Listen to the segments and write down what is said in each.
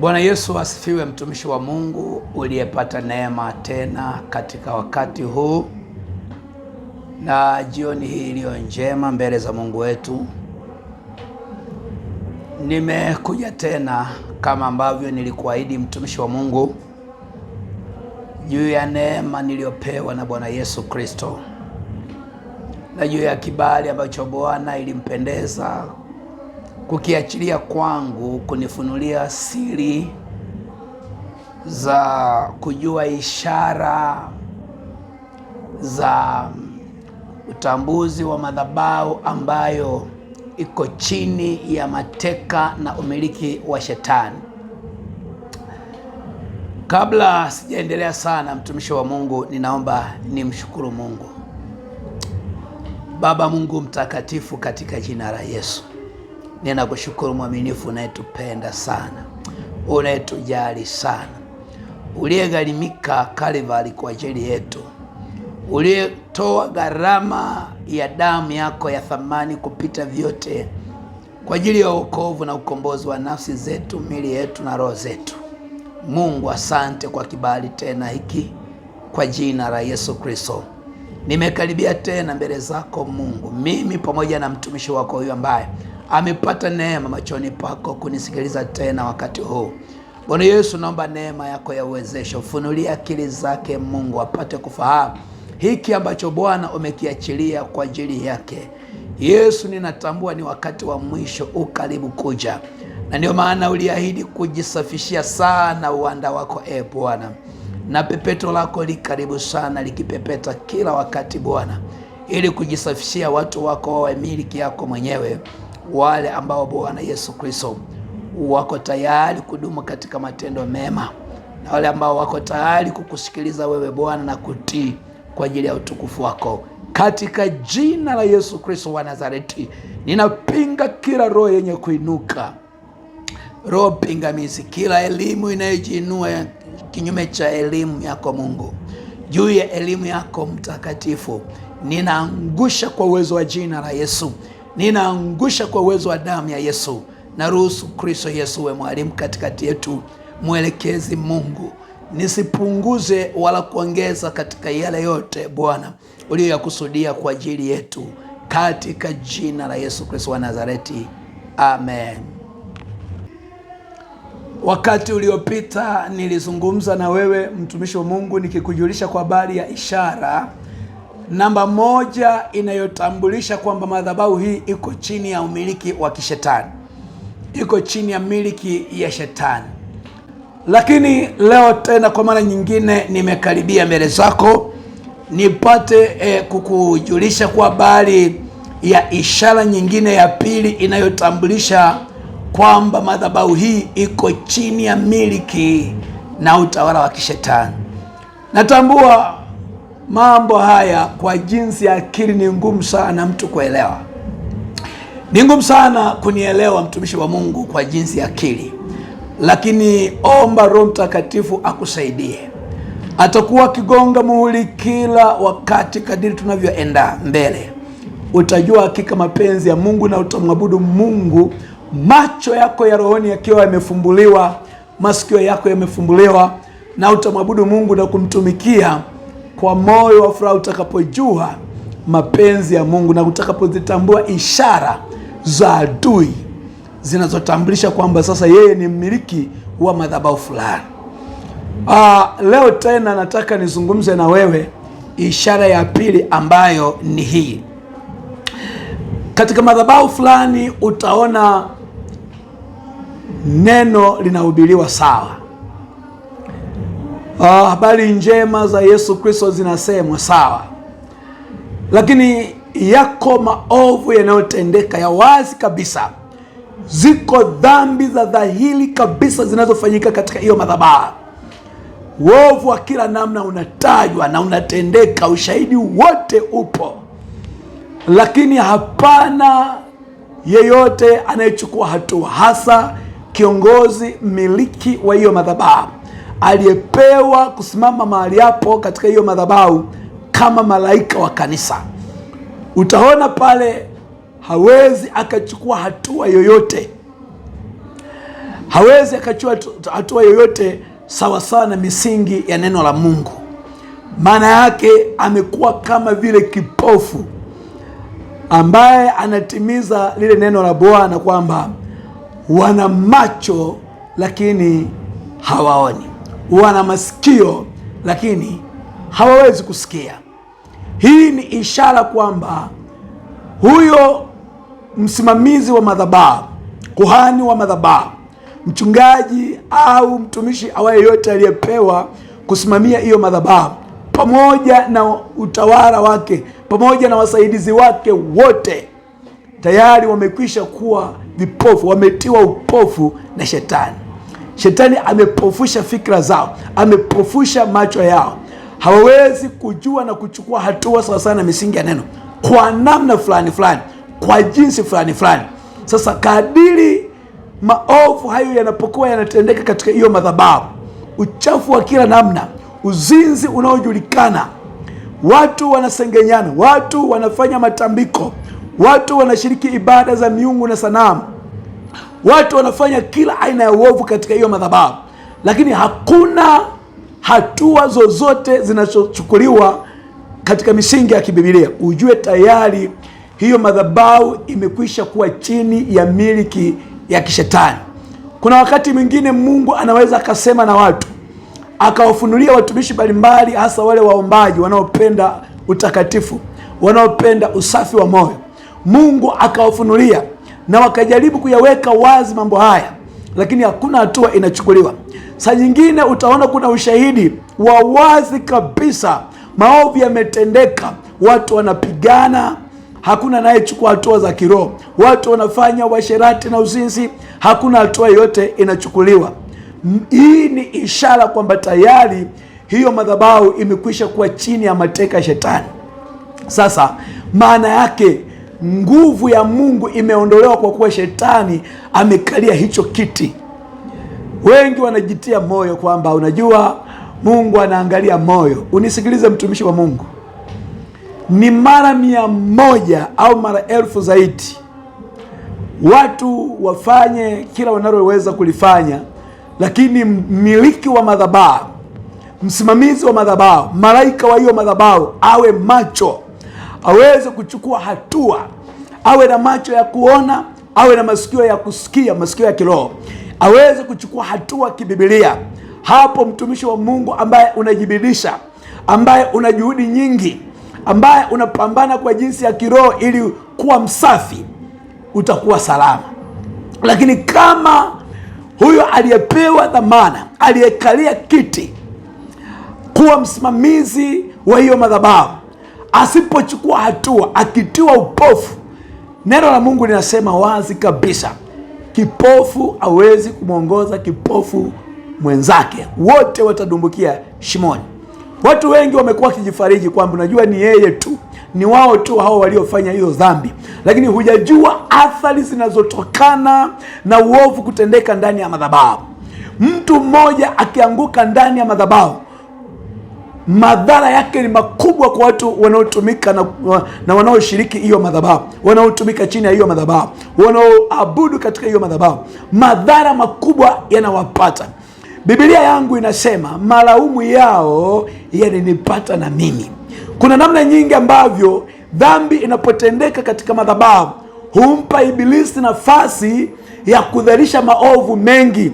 Bwana Yesu asifiwe, mtumishi wa Mungu uliyepata neema tena katika wakati huu na jioni hii iliyo njema mbele za Mungu wetu. Nimekuja tena kama ambavyo nilikuahidi mtumishi wa Mungu juu ya neema niliyopewa na Bwana Yesu Kristo na juu ya kibali ambacho Bwana ilimpendeza kukiachilia kwangu kunifunulia siri za kujua ishara za utambuzi wa madhabahu ambayo iko chini ya mateka na umiliki wa Shetani. Kabla sijaendelea sana, mtumishi wa Mungu, ninaomba nimshukuru Mungu. Baba Mungu mtakatifu, katika jina la Yesu Ninakushukuru mwaminifu, unayetupenda sana, unayetujali sana, uliyegharimika Kalvari kwa ajili yetu, uliyetoa gharama ya damu yako ya thamani kupita vyote kwa ajili ya wokovu na ukombozi wa nafsi zetu, mili yetu na roho zetu. Mungu, asante kwa kibali tena hiki kwa jina la Yesu Kristo nimekaribia tena mbele zako Mungu, mimi pamoja na mtumishi wako huyu ambaye amepata neema machoni pako kunisikiliza tena wakati huu. Bwana Yesu, naomba neema yako ya uwezesho, funulia akili zake Mungu, apate kufahamu hiki ambacho Bwana umekiachilia kwa ajili yake. Yesu, ninatambua ni wakati wa mwisho ukaribu kuja, na ndio maana uliahidi kujisafishia sana uwanda wako, e Bwana na pepeto lako li karibu sana, likipepeta kila wakati Bwana, ili kujisafishia watu wako wawe miliki yako mwenyewe, wale ambao Bwana Yesu Kristo wako tayari kudumu katika matendo mema, na wale ambao wako tayari kukusikiliza wewe Bwana na kutii kwa ajili ya utukufu wako katika jina la Yesu Kristo wa Nazareti, ninapinga kila roho yenye kuinuka, roho pingamizi, kila elimu inayojiinua kinyume cha elimu yako Mungu, juu ya elimu yako mtakatifu, ninaangusha kwa uwezo wa jina la Yesu, ninaangusha kwa uwezo wa damu ya Yesu. Naruhusu Kristo Yesu we mwalimu katikati yetu, mwelekezi Mungu, nisipunguze wala kuongeza katika yale yote Bwana uliyoyakusudia kwa ajili yetu, katika jina la Yesu Kristo wa Nazareti, amen. Wakati uliopita nilizungumza na wewe mtumishi wa Mungu nikikujulisha kwa habari ya ishara namba moja inayotambulisha kwamba madhabahu hii iko chini ya umiliki wa kishetani, iko chini ya miliki ya shetani. Lakini leo tena kwa mara nyingine nimekaribia mbele zako nipate eh, kukujulisha kwa habari ya ishara nyingine ya pili inayotambulisha kwamba madhabahu hii iko chini ya miliki na utawala wa kishetani. Natambua mambo haya kwa jinsi ya akili ni ngumu sana mtu kuelewa, ni ngumu sana kunielewa mtumishi wa Mungu kwa jinsi ya akili, lakini omba Roho Mtakatifu akusaidie. Atakuwa akigonga muhuri kila wakati kadiri tunavyoenda mbele, utajua hakika mapenzi ya Mungu na utamwabudu Mungu macho yako ya rohoni yakiwa yamefumbuliwa, masikio yako yamefumbuliwa, na utamwabudu Mungu na kumtumikia kwa moyo wa furaha utakapojua mapenzi ya Mungu na utakapozitambua ishara za adui zinazotambulisha kwamba sasa yeye ni mmiliki wa madhabahu fulani. Ah, leo tena nataka nizungumze na wewe ishara ya pili ambayo ni hii. Katika madhabahu fulani utaona neno linahubiriwa sawa. Ah, habari njema za Yesu Kristo zinasemwa sawa, lakini yako maovu yanayotendeka ya wazi kabisa. Ziko dhambi za dhahiri kabisa zinazofanyika katika hiyo madhabahu. Uovu wa kila namna unatajwa na unatendeka, ushahidi wote upo, lakini hapana yeyote anayechukua hatua hasa kiongozi mmiliki wa hiyo madhabahu aliyepewa kusimama mahali hapo katika hiyo madhabahu kama malaika wa kanisa. Utaona pale hawezi akachukua hatua yoyote, hawezi akachukua hatua yoyote sawasawa na misingi ya neno la Mungu. Maana yake amekuwa kama vile kipofu ambaye anatimiza lile neno la Bwana kwamba wana macho lakini hawaoni, wana masikio lakini hawawezi kusikia. Hii ni ishara kwamba huyo msimamizi wa madhabahu, kuhani wa madhabahu, mchungaji au mtumishi awaye yote aliyepewa kusimamia hiyo madhabahu pamoja na utawala wake pamoja na wasaidizi wake wote tayari wamekwisha kuwa vipofu, wametiwa upofu na shetani. Shetani amepofusha fikra zao, amepofusha macho yao, hawawezi kujua na kuchukua hatua sawasawa na misingi ya neno kwa namna fulani fulani, kwa jinsi fulani fulani. Sasa kadiri maovu hayo yanapokuwa yanatendeka katika hiyo madhabahu, uchafu wa kila namna, uzinzi unaojulikana, watu wanasengenyana, watu wanafanya matambiko Watu wanashiriki ibada za miungu na sanamu, watu wanafanya kila aina ya uovu katika hiyo madhabahu, lakini hakuna hatua zozote zinazochukuliwa katika misingi ya kibibilia. Ujue tayari hiyo madhabahu imekwisha kuwa chini ya miliki ya kishetani. Kuna wakati mwingine Mungu anaweza akasema na watu akawafunulia watumishi mbalimbali, hasa wale waombaji wanaopenda utakatifu, wanaopenda usafi wa moyo Mungu akawafunulia na wakajaribu kuyaweka wazi mambo haya, lakini hakuna hatua inachukuliwa. Saa nyingine utaona kuna ushahidi wa wazi kabisa, maovu yametendeka, watu wanapigana hakuna anayechukua hatua za kiroho, watu wanafanya washerati na uzinzi, hakuna hatua yoyote inachukuliwa. Hii ni ishara kwamba tayari hiyo madhabahu imekwisha kuwa chini ya mateka ya Shetani. Sasa maana yake nguvu ya Mungu imeondolewa kwa kuwa shetani amekalia hicho kiti. Wengi wanajitia moyo kwamba unajua Mungu anaangalia moyo. Unisikilize mtumishi wa Mungu, ni mara mia moja au mara elfu zaidi watu wafanye kila wanaloweza kulifanya, lakini mmiliki wa madhabahu, msimamizi wa madhabahu, malaika wa hiyo madhabahu awe macho aweze kuchukua hatua, awe na macho ya kuona, awe na masikio ya kusikia, masikio ya kiroho, aweze kuchukua hatua kibibilia. Hapo mtumishi wa Mungu ambaye unajibidisha, ambaye una juhudi nyingi, ambaye unapambana kwa jinsi ya kiroho ili kuwa msafi, utakuwa salama. Lakini kama huyo aliyepewa dhamana, aliyekalia kiti kuwa msimamizi wa hiyo madhabahu asipochukua hatua, akitiwa upofu. Neno la Mungu linasema wazi kabisa, kipofu hawezi kumwongoza kipofu mwenzake, wote watadumbukia shimoni. Watu wengi wamekuwa wakijifariji kwamba unajua ni yeye tu, ni wao tu hao waliofanya hiyo dhambi, lakini hujajua athari zinazotokana na uovu kutendeka ndani ya madhabahu. Mtu mmoja akianguka ndani ya madhabahu madhara yake ni makubwa kwa watu wanaotumika na, na wanaoshiriki hiyo madhabahu, wanaotumika chini ya hiyo madhabahu, wanaoabudu katika hiyo madhabahu. Madhara makubwa yanawapata. Biblia yangu inasema malaumu yao yalinipata na mimi. Kuna namna nyingi ambavyo dhambi inapotendeka katika madhabahu humpa Ibilisi nafasi ya kudharisha maovu mengi.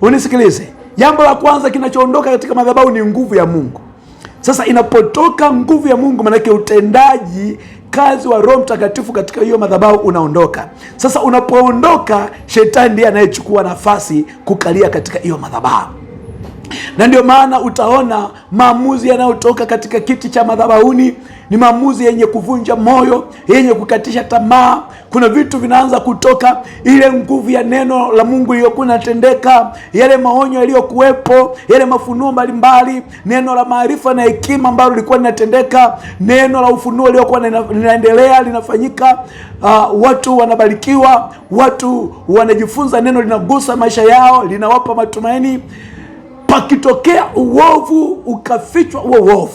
Unisikilize. Jambo la kwanza kinachoondoka katika madhabahu ni nguvu ya Mungu. Sasa inapotoka nguvu ya Mungu, maanake utendaji kazi wa Roho Mtakatifu katika hiyo madhabahu unaondoka. Sasa unapoondoka, shetani ndiye anayechukua nafasi kukalia katika hiyo madhabahu na ndio maana utaona maamuzi yanayotoka katika kiti cha madhabahuni ni maamuzi yenye kuvunja moyo, yenye kukatisha tamaa. Kuna vitu vinaanza kutoka, ile nguvu ya neno la Mungu iliyokuwa inatendeka, yale maonyo yaliyokuwepo, yale mafunuo mbalimbali, neno la maarifa na hekima ambalo lilikuwa linatendeka, neno la ufunuo liliokuwa linaendelea linafanyika. Uh, watu wanabarikiwa, watu wanajifunza, neno linagusa maisha yao, linawapa matumaini pakitokea uovu ukafichwa huo uovu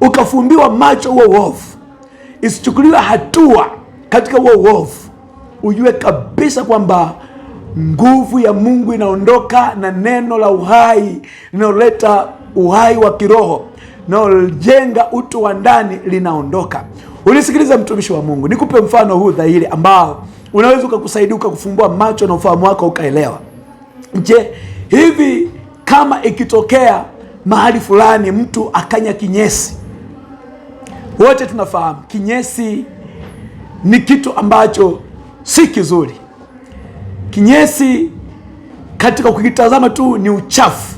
ukafumbiwa macho huo uovu, isichukuliwa hatua katika huo uovu, ujue kabisa kwamba nguvu ya Mungu inaondoka na neno la uhai linaloleta uhai wa kiroho linalojenga utu wa ndani linaondoka. Ulisikiliza mtumishi wa Mungu, nikupe mfano huu dhahiri ambao unaweza ukakusaidia ukakufumbua macho na ufahamu wako ukaelewa. Je, hivi kama ikitokea mahali fulani mtu akanya kinyesi, wote tunafahamu kinyesi ni kitu ambacho si kizuri. Kinyesi katika kukitazama tu ni uchafu,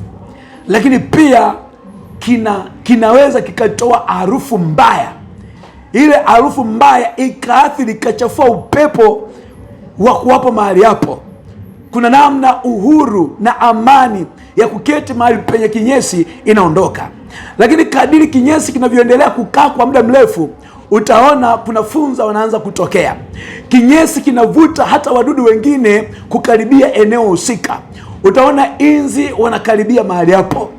lakini pia kina kinaweza kikatoa harufu mbaya. Ile harufu mbaya ikaathiri, ikachafua upepo wa kuwapo mahali hapo kuna namna uhuru na amani ya kuketi mahali penye kinyesi inaondoka, lakini kadiri kinyesi kinavyoendelea kukaa kwa muda mrefu, utaona kuna funza wanaanza kutokea. Kinyesi kinavuta hata wadudu wengine kukaribia eneo husika. Utaona inzi wanakaribia mahali hapo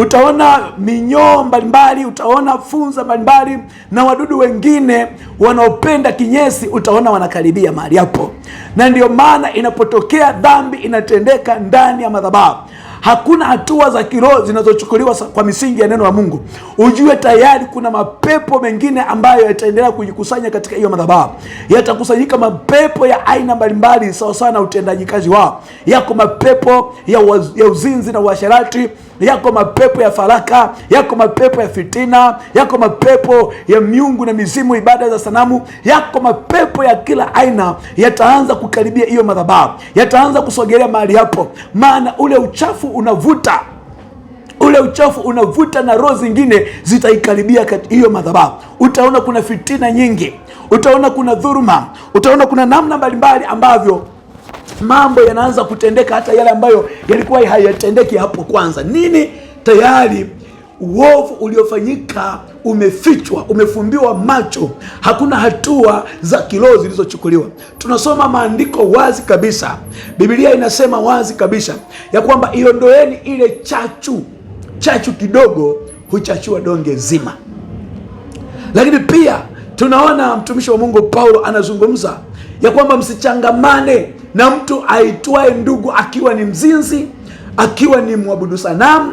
utaona minyoo mbalimbali, utaona funza mbalimbali na wadudu wengine wanaopenda kinyesi, utaona wanakaribia mahali hapo, na ndio maana inapotokea dhambi inatendeka ndani ya madhabahu Hakuna hatua za kiroho zinazochukuliwa kwa misingi ya neno la Mungu, ujue tayari kuna mapepo mengine ambayo yataendelea kujikusanya katika hiyo madhabahu. Yatakusanyika mapepo ya aina mbalimbali sawasawa na utendaji kazi wao. Yako mapepo ya, waz, ya uzinzi na uasherati yako mapepo ya faraka, yako mapepo ya fitina, yako mapepo ya miungu na mizimu, ibada za sanamu, yako mapepo ya kila aina yataanza kukaribia hiyo madhabahu, yataanza kusogelea mahali hapo, maana ule uchafu unavuta ule uchafu unavuta, na roho zingine zitaikaribia hiyo madhabahu. Utaona kuna fitina nyingi, utaona kuna dhuruma, utaona kuna namna mbalimbali ambavyo mambo yanaanza kutendeka, hata yale ambayo yalikuwa hayatendeki hapo kwanza. Nini tayari uovu uliofanyika umefichwa, umefumbiwa macho, hakuna hatua za kiroho zilizochukuliwa. Tunasoma maandiko wazi kabisa, Biblia inasema wazi kabisa ya kwamba iondoeni ile chachu. Chachu kidogo huchachua donge zima. Lakini pia tunaona mtumishi wa Mungu Paulo anazungumza ya kwamba msichangamane na mtu aitwaye ndugu akiwa ni mzinzi, akiwa ni mwabudu sanamu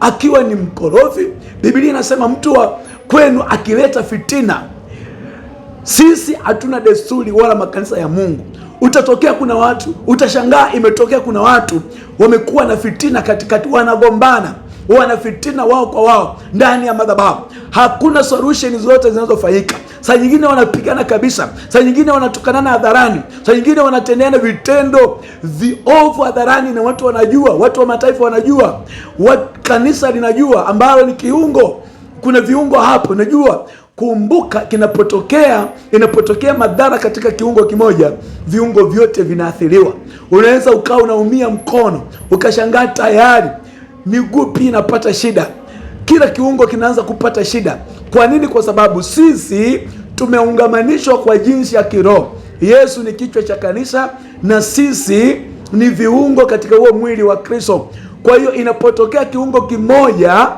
akiwa ni mkorofi. Biblia inasema mtu wa kwenu akileta fitina. Sisi hatuna desturi wala makanisa ya Mungu. Utatokea kuna watu, utashangaa imetokea kuna watu wamekuwa na fitina katikati, wanagombana, wana fitina wao kwa wao ndani ya madhabahu hakuna solution zote zinazofanyika. Saa nyingine wanapigana kabisa, saa nyingine wanatukanana hadharani, saa nyingine wanatendeana vitendo viovu hadharani, na watu wanajua, watu wa mataifa wanajua, kanisa linajua, ambalo ni kiungo. Kuna viungo hapo, najua Kumbuka, kinapotokea inapotokea madhara katika kiungo kimoja, viungo vyote vinaathiriwa. Unaweza ukawa unaumia mkono, ukashangaa tayari miguu pia inapata shida kila kiungo kinaanza kupata shida. Kwa nini? Kwa sababu sisi tumeungamanishwa kwa jinsi ya kiroho. Yesu ni kichwa cha kanisa na sisi ni viungo katika huo mwili wa Kristo. Kwa hiyo inapotokea kiungo kimoja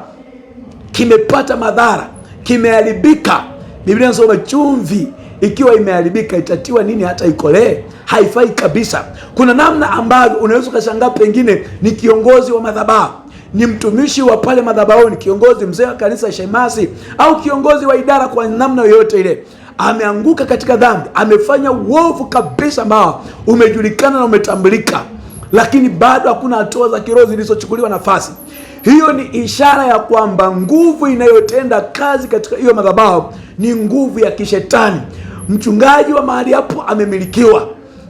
kimepata madhara, kimeharibika, Biblia inasema chumvi ikiwa imeharibika itatiwa nini hata ikolee? Haifai kabisa. Kuna namna ambavyo unaweza ukashangaa, pengine ni kiongozi wa madhabahu ni mtumishi wa pale madhabahuni, kiongozi, mzee wa kanisa, shemasi au kiongozi wa idara, kwa namna yoyote ile ameanguka katika dhambi, amefanya uovu kabisa ambao umejulikana na umetambulika, lakini bado hakuna hatua za kiroho zilizochukuliwa nafasi hiyo ni ishara ya kwamba nguvu inayotenda kazi katika hiyo madhabahu ni nguvu ya kishetani. Mchungaji wa mahali hapo amemilikiwa,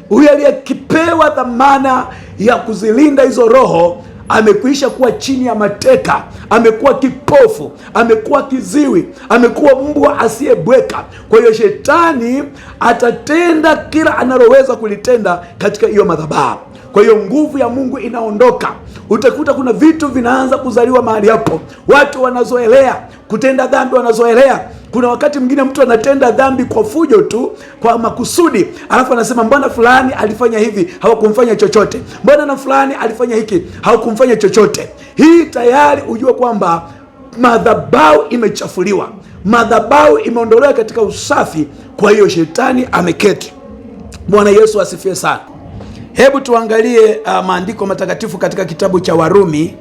huyu aliyekipewa dhamana ya kuzilinda hizo roho amekwisha kuwa chini ya mateka, amekuwa kipofu, amekuwa kiziwi, amekuwa mbwa asiyebweka. Kwa hiyo shetani atatenda kila analoweza kulitenda katika hiyo madhabahu. Kwa hiyo nguvu ya Mungu inaondoka. Utakuta kuna vitu vinaanza kuzaliwa mahali hapo, watu wanazoelea kutenda dhambi, wanazoelea kuna wakati mwingine mtu anatenda dhambi kwa fujo tu, kwa makusudi, alafu anasema mbona fulani alifanya hivi, hawakumfanya chochote, mbona na fulani alifanya hiki, hawakumfanya chochote. Hii tayari ujue kwamba madhabahu imechafuliwa, madhabahu imeondolewa katika usafi. Kwa hiyo shetani ameketi. Bwana Yesu asifiwe sana. Hebu tuangalie uh, maandiko matakatifu katika kitabu cha Warumi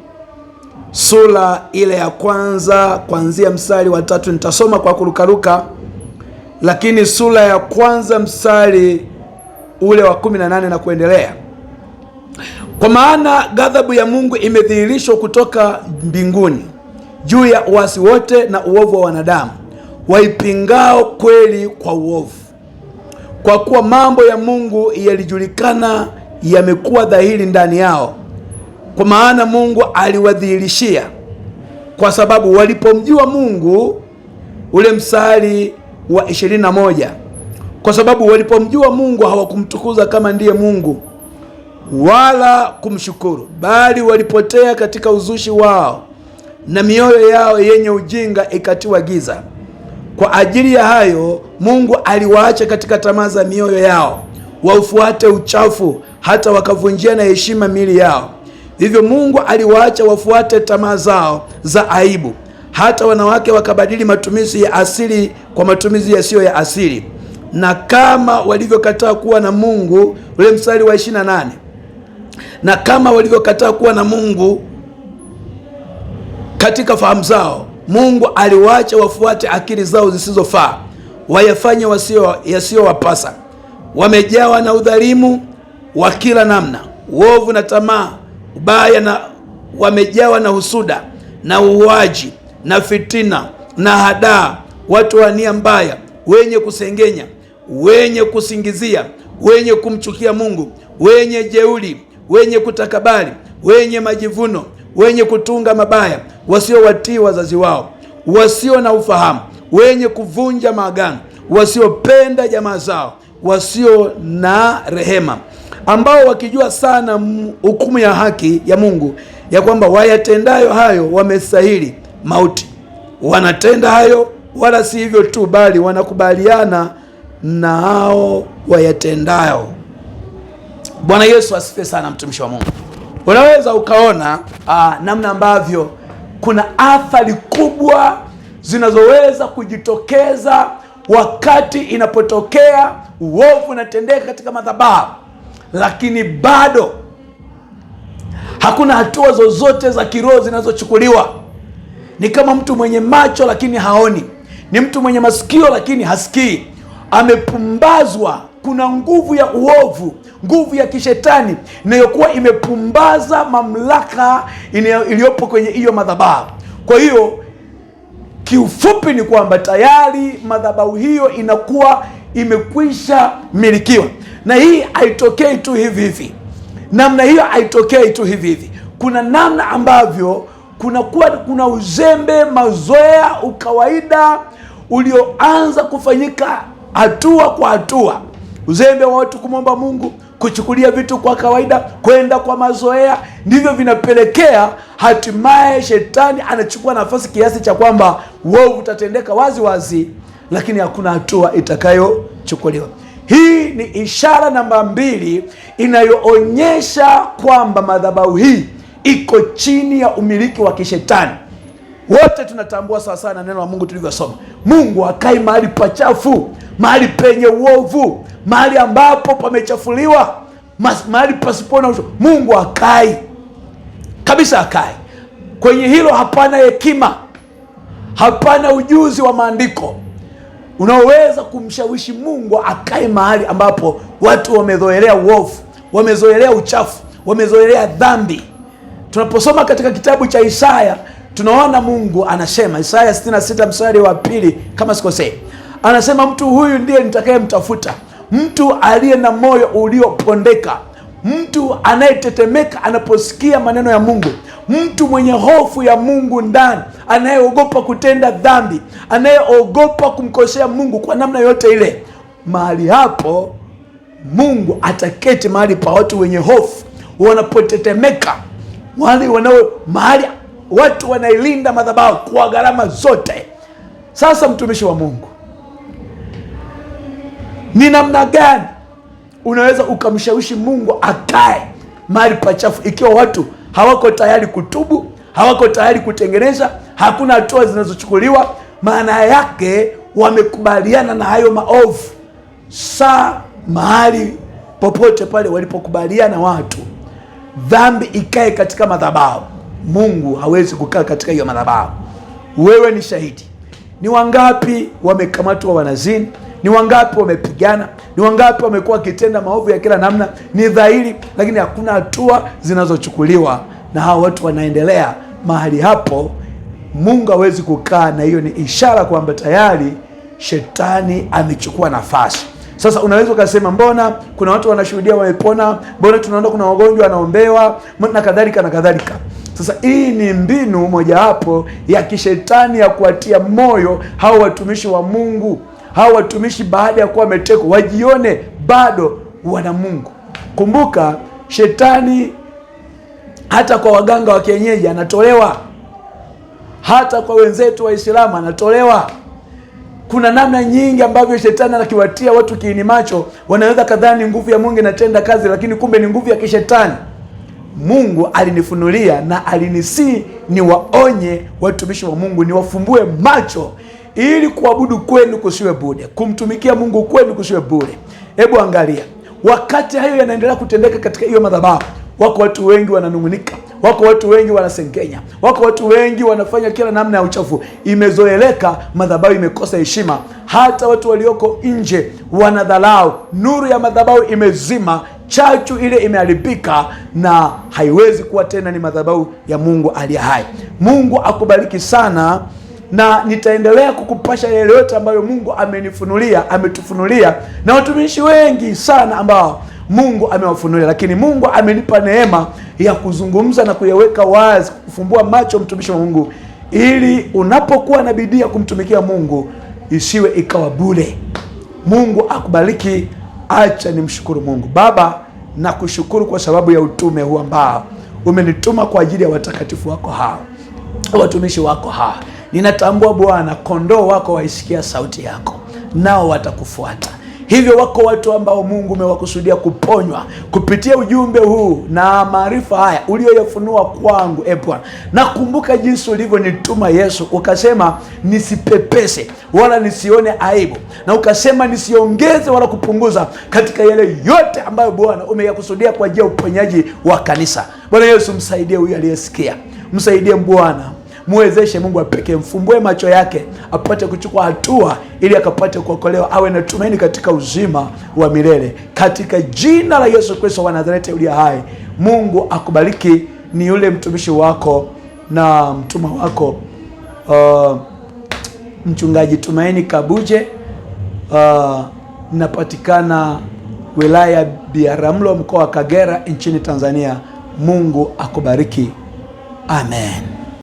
sura ile ya kwanza kuanzia mstari wa tatu. Nitasoma kwa kurukaruka, lakini sura ya kwanza mstari ule wa 18 na kuendelea. Kwa maana ghadhabu ya Mungu imedhihirishwa kutoka mbinguni juu ya uasi wote na uovu wa wanadamu waipingao kweli kwa uovu, kwa kuwa mambo ya Mungu yalijulikana, yamekuwa dhahiri ndani yao kwa maana Mungu aliwadhihirishia, kwa sababu walipomjua Mungu, ule msali wa ishirini na moja, kwa sababu walipomjua Mungu hawakumtukuza kama ndiye Mungu wala kumshukuru, bali walipotea katika uzushi wao, na mioyo yao yenye ujinga ikatiwa giza. Kwa ajili ya hayo Mungu aliwaacha katika tamaa za mioyo yao, waufuate uchafu, hata wakavunjia na heshima mili yao Hivyo Mungu aliwaacha wafuate tamaa zao za aibu, hata wanawake wakabadili matumizi ya asili kwa matumizi yasiyo ya asili, na kama walivyokataa kuwa na Mungu, ule mstari wa 28, na kama walivyokataa kuwa na Mungu katika fahamu zao, Mungu aliwaacha wafuate akili zao zisizofaa, wayafanye yasiyowapasa. Wamejawa na udhalimu wa kila namna, uovu na tamaa ubaya na wamejawa na husuda na uuaji na fitina na hadaa, watu wa nia mbaya, wenye kusengenya, wenye kusingizia, wenye kumchukia Mungu, wenye jeuri, wenye kutakabari, wenye majivuno, wenye kutunga mabaya, wasiowatii wazazi wao, wasio na ufahamu, wenye kuvunja maagano, wasiopenda jamaa zao, wasio na rehema ambao wakijua sana hukumu ya haki ya Mungu ya kwamba wayatendayo hayo wamestahili mauti, wanatenda hayo, wala si hivyo tu, bali wanakubaliana na hao wayatendayo. Bwana Yesu asifiwe sana, mtumishi wa Mungu. Unaweza ukaona aa, ah, namna ambavyo kuna athari kubwa zinazoweza kujitokeza wakati inapotokea uovu unatendeka katika madhabahu lakini bado hakuna hatua zozote za kiroho zinazochukuliwa. Ni kama mtu mwenye macho lakini haoni, ni mtu mwenye masikio lakini hasikii, amepumbazwa. Kuna nguvu ya uovu, nguvu ya kishetani inayokuwa imepumbaza mamlaka iliyopo kwenye hiyo madhabahu. Kwa hiyo kiufupi ni kwamba tayari madhabahu hiyo inakuwa imekwisha milikiwa na hii haitokei tu hivi hivi, namna hiyo haitokei tu hivi hivi. Kuna namna ambavyo kunakuwa kuna uzembe, mazoea, ukawaida ulioanza kufanyika hatua kwa hatua, uzembe wa watu kumwomba Mungu, kuchukulia vitu kwa kawaida, kwenda kwa mazoea, ndivyo vinapelekea hatimaye shetani anachukua nafasi kiasi cha kwamba uovu utatendeka wazi wazi, lakini hakuna hatua itakayochukuliwa. Hii ni ishara namba mbili inayoonyesha kwamba madhabahu hii iko chini ya umiliki wa kishetani. Wote tunatambua sawa sawa na neno la Mungu tulivyosoma, Mungu akai mahali pachafu, mahali penye uovu, mahali ambapo pamechafuliwa, mahali pasipo na Mungu akai kabisa, akai kwenye hilo. Hapana hekima, hapana ujuzi wa maandiko unaoweza kumshawishi Mungu akae mahali ambapo watu wamezoelea uovu, wamezoelea uchafu, wamezoelea dhambi. Tunaposoma katika kitabu cha Isaya tunaona Mungu anasema, Isaya 66 mstari wa pili kama sikosei, anasema mtu huyu ndiye nitakayemtafuta, mtu aliye na moyo uliopondeka mtu anayetetemeka anaposikia maneno ya Mungu, mtu mwenye hofu ya Mungu ndani, anayeogopa kutenda dhambi, anayeogopa kumkosea Mungu kwa namna yote ile, mahali hapo Mungu ataketi mahali pa watu wenye hofu wanapotetemeka, wale wanao mahali watu wanailinda madhabahu kwa gharama zote. Sasa mtumishi wa Mungu, ni namna gani unaweza ukamshawishi Mungu akae mahali pachafu, ikiwa watu hawako tayari kutubu, hawako tayari kutengeneza, hakuna hatua zinazochukuliwa. Maana yake wamekubaliana na hayo maovu. Saa mahali popote pale walipokubaliana watu dhambi ikae katika madhabahu, Mungu hawezi kukaa katika hiyo madhabahu. Wewe ni shahidi. Ni wangapi wamekamatwa wanazini? Ni wangapi wamepigana? Ni wangapi wamekuwa wakitenda maovu ya kila namna? Ni dhahiri, lakini hakuna hatua zinazochukuliwa, na hawa watu wanaendelea mahali hapo. Mungu hawezi kukaa na hiyo, ni ishara kwamba tayari shetani amechukua nafasi. Sasa unaweza ukasema, mbona kuna watu wanashuhudia wamepona, mbona tunaona kuna wagonjwa wanaombewa na kadhalika na kadhalika. Sasa hii ni mbinu mojawapo ya kishetani ya kuwatia moyo hao watumishi wa Mungu hawa watumishi baada ya kuwa wametekwa wajione bado wana Mungu. Kumbuka shetani hata kwa waganga wa kienyeji anatolewa, hata kwa wenzetu Waislamu anatolewa. Kuna namna nyingi ambavyo shetani anakiwatia watu kiini macho, wanaweza kadhani nguvu ya Mungu inatenda kazi, lakini kumbe ni nguvu ya kishetani. Mungu alinifunulia na alinisii waonye watumishi wa Mungu, niwafumbue macho ili kuabudu kwenu kusiwe bure, kumtumikia Mungu kwenu kusiwe bure. Hebu angalia, wakati hayo yanaendelea kutendeka katika hiyo madhabahu, wako watu wengi wananung'unika, wako watu wengi wanasengenya, wako watu wengi wanafanya kila namna ya uchafu. Imezoeleka, madhabahu imekosa heshima, hata watu walioko nje wanadhalau. Nuru ya madhabahu imezima, chachu ile imeharibika na haiwezi kuwa tena ni madhabahu ya Mungu aliye hai. Mungu akubariki sana na nitaendelea kukupasha yale yote ambayo Mungu amenifunulia, ametufunulia na watumishi wengi sana ambao Mungu amewafunulia, lakini Mungu amenipa neema ya kuzungumza na kuyaweka wazi, kufumbua macho mtumishi wa Mungu, ili unapokuwa na bidii ya kumtumikia Mungu isiwe ikawa bure. Mungu akubariki. Acha nimshukuru Mungu. Baba, nakushukuru kwa sababu ya utume huu ambao umenituma kwa ajili ya watakatifu wako hawa, watumishi wako hawa Ninatambua Bwana, kondoo wako waisikia sauti yako, nao watakufuata. Hivyo wako watu ambao Mungu umewakusudia kuponywa kupitia ujumbe huu na maarifa haya uliyoyafunua kwangu. E Bwana, nakumbuka jinsi ulivyonituma Yesu, ukasema nisipepese wala nisione aibu, na ukasema nisiongeze wala kupunguza katika yale yote ambayo Bwana umeyakusudia kwa ajili ya uponyaji wa kanisa. Bwana Yesu, msaidie huyu aliyesikia, msaidie Bwana Muwezeshe Mungu apeke mfumbue macho yake apate kuchukua hatua ili akapate kuokolewa, awe na tumaini katika uzima wa milele, katika jina la Yesu Kristo wa Nazareti uliye hai. Mungu akubariki. Ni yule mtumishi wako na mtuma wako uh, Mchungaji Tumaini Kabuje. Uh, napatikana wilaya ya Biharamulo mkoa wa Kagera nchini Tanzania. Mungu akubariki. Amen.